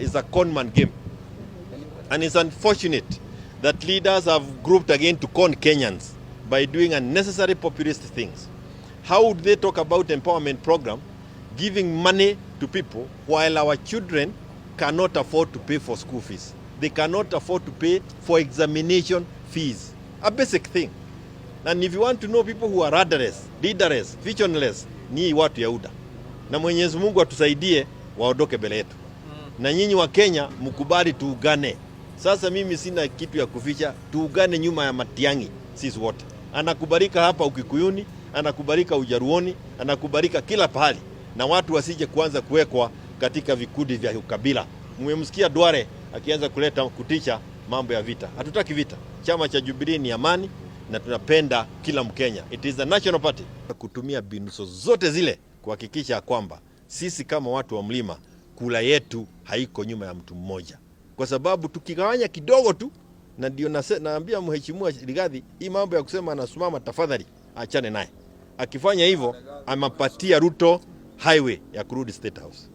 is a con man game. And it's unfortunate that leaders have grouped again to con Kenyans by doing unnecessary populist things. How would they talk about empowerment program giving money to people while our children cannot afford to pay for school fees? They cannot afford to pay for examination fees. A basic thing. And if you want to know people who are rudderless, leaderless, visionless, ni watu yauda Na Mwenyezi Mungu atusaidie waondoke mbele yetu na nyinyi wa Kenya mkubali tuugane. Sasa mimi sina kitu ya kuficha, tuugane nyuma ya Matiang'i sisi wote. Anakubalika hapa Ukikuyuni, anakubalika Ujaruoni, anakubalika kila pahali, na watu wasije kuanza kuwekwa katika vikundi vya ukabila. Mmemsikia dware akianza kuleta kuticha mambo ya vita. Hatutaki vita. Chama cha Jubilee ni amani na tunapenda kila Mkenya. It is a national party. Kutumia binuso zote zile kuhakikisha kwamba sisi kama watu wa mlima kula yetu haiko nyuma ya mtu mmoja, kwa sababu tukigawanya kidogo tu, na ndio naambia mheshimiwa Rigathi, hii mambo ya kusema anasimama, tafadhali achane naye. Akifanya hivyo, amapatia Ruto highway ya kurudi State House.